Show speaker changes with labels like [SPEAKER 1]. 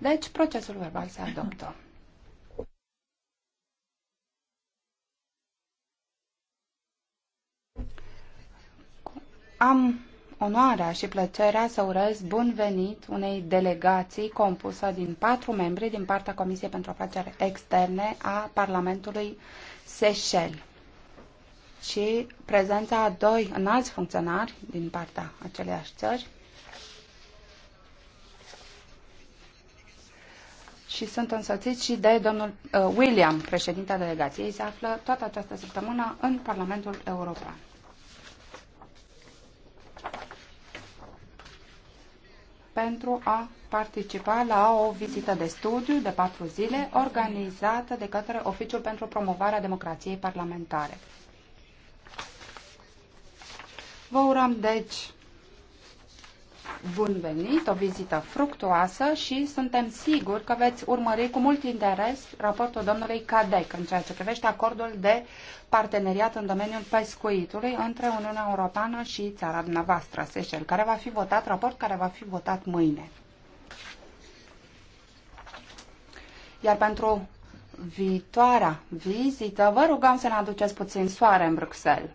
[SPEAKER 1] Deci, procesul verbal se adoptă. Am onoarea și plăcerea să urez bun venit unei delegații compusă din patru membri din partea Comisiei pentru Afaceri Externe a Parlamentului Seychelles și prezența a doi înalți funcționari din partea aceleiași țări, și sunt însoțiți și de domnul uh, William, președinta delegației. se află toată această săptămână în Parlamentul European. pentru a participa la o vizită de studiu de patru zile organizată de către Oficiul pentru Promovarea Democrației Parlamentare. Vă urăm, deci, bun venit, o vizită fructuoasă și suntem siguri că veți urmări cu mult interes raportul domnului Cadec în ceea ce privește acordul de parteneriat în domeniul pescuitului între Uniunea Europeană și țara dumneavoastră, Seychelles, care va fi votat, raport care va fi votat mâine. Iar pentru viitoarea vizită, vă rugăm să ne aduceți puțin soare în Bruxelles.